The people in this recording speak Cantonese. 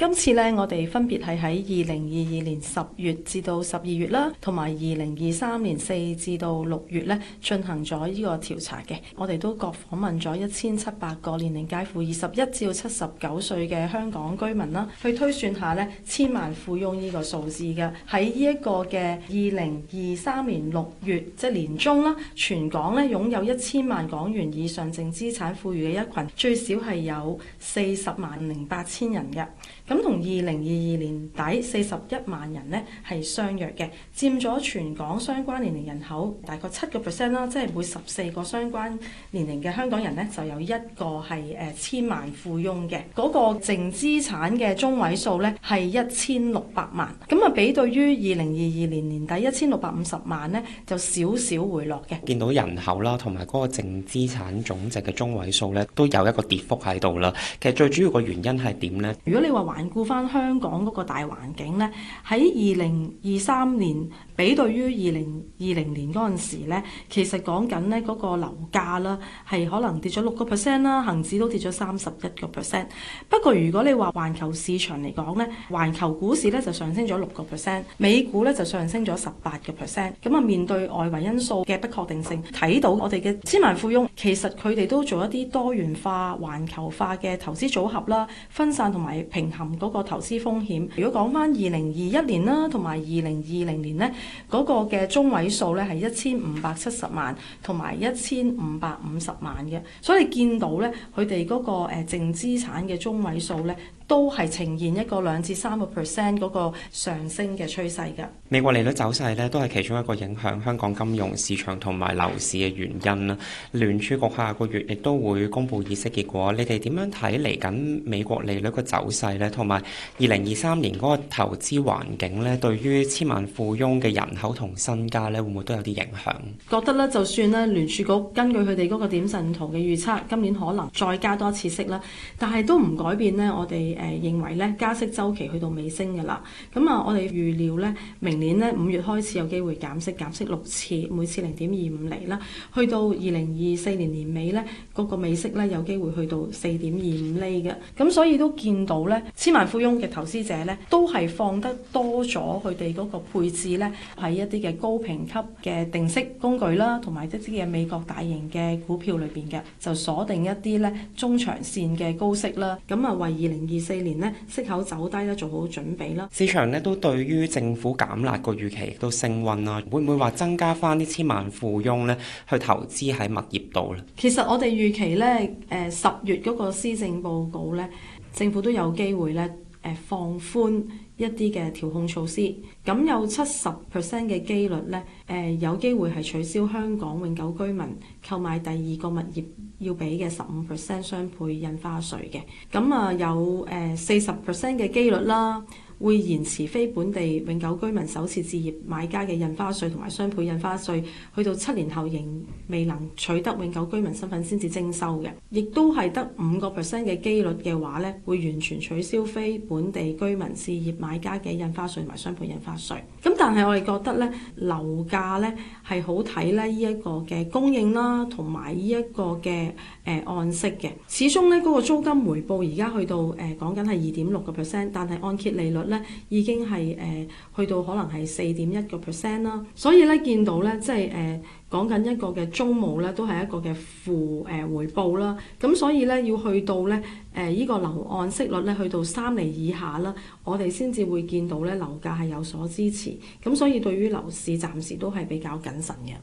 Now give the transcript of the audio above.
今次咧，我哋分別係喺二零二二年十月至到十二月啦，同埋二零二三年四至到六月咧，進行咗呢個調查嘅。我哋都各訪問咗一千七百個年齡介乎二十一至到七十九歲嘅香港居民啦，去推算下呢，千萬富翁呢個數字嘅。喺呢一個嘅二零二三年六月，即係年中啦，全港咧擁有一千萬港元以上淨資產富裕嘅一群，最少係有四十萬零八千人嘅。咁同二零二二年底四十一萬人呢係相若嘅，佔咗全港相關年齡人口大概七個 percent 啦，即係每十四個相關年齡嘅香港人呢，就有一個係誒千萬富翁嘅，嗰個淨資產嘅中位數呢係一千六百萬。比對於二零二二年年底一千六百五十萬呢，就少少回落嘅。見到人口啦，同埋嗰個淨資產總值嘅中位數呢，都有一個跌幅喺度啦。其實最主要個原因係點呢？如果你話環顧翻香港嗰個大環境呢，喺二零二三年比對於二零二零年嗰陣時呢，其實講緊呢嗰個樓價啦，係可能跌咗六個 percent 啦，恒指都跌咗三十一個 percent。不過如果你話環球市場嚟講呢，環球股市呢，就上升咗六 percent 美股咧就上升咗十八個 percent，咁啊，面對外圍因素嘅不確定性，睇到我哋嘅千萬富翁其實佢哋都做一啲多元化、環球化嘅投資組合啦，分散同埋平衡嗰個投資風險。如果講翻二零二一年啦，同埋二零二零年呢嗰個嘅中位數咧係一千五百七十萬同埋一千五百五十萬嘅，所以見到咧佢哋嗰個誒淨資產嘅中位數咧都係呈現一個兩至三個 percent 嗰個上。升嘅趨勢㗎。美國利率走勢咧，都係其中一個影響香港金融市場同埋樓市嘅原因啦。聯儲局下個月亦都會公布議息結果。你哋點樣睇嚟緊美國利率嘅走勢咧？同埋二零二三年嗰個投資環境咧，對於千萬富翁嘅人口同身家咧，會唔會都有啲影響？覺得咧，就算咧聯儲局根據佢哋嗰個點陣圖嘅預測，今年可能再加多次息啦，但係都唔改變咧，我哋誒認為咧，加息周期去到尾聲㗎啦。咁啊，我哋。預料咧，明年咧五月開始有機會減息，減息六次，每次零點二五厘啦。去到二零二四年年尾咧，嗰個美息咧有機會去到四點二五厘嘅。咁所以都見到咧，千萬富翁嘅投資者咧，都係放得多咗佢哋嗰個配置咧喺一啲嘅高評級嘅定息工具啦，同埋一啲嘅美國大型嘅股票裏邊嘅，就鎖定一啲咧中長線嘅高息啦。咁啊，為二零二四年呢，息口走低咧做好準備啦。市場咧都對對於政府減辣個預期都升溫啊！會唔會話增加翻啲千萬富翁呢去投資喺物業度呢？其實我哋預期呢，誒十月嗰個施政報告呢，政府都有機會呢，誒放寬一啲嘅調控措施。咁有七十 percent 嘅機率呢，誒有機會係取消香港永久居民購買第二個物業要俾嘅十五 percent 雙倍印花稅嘅。咁啊，有誒四十 percent 嘅機率啦。會延遲非本地永久居民首次置業買家嘅印花稅同埋雙倍印花稅，去到七年後仍未能取得永久居民身份先至徵收嘅。亦都係得五個 percent 嘅機率嘅話呢，會完全取消非本地居民置業買家嘅印花稅同埋雙倍印花稅。咁但係我哋覺得呢樓價呢係好睇呢呢一個嘅供應啦，同埋呢一個嘅誒按息嘅，始終呢嗰個租金回報而家去到誒講緊係二點六個 percent，但係按揭利率呢。已經係誒、呃、去到可能係四點一個 percent 啦，所以咧見到咧即係誒、呃、講緊一個嘅中務咧都係一個嘅負誒、呃、回報啦，咁所以咧要去到咧誒呢個樓按息率咧去到三厘以下啦，我哋先至會見到咧樓價係有所支持，咁所以對於樓市暫時都係比較謹慎嘅。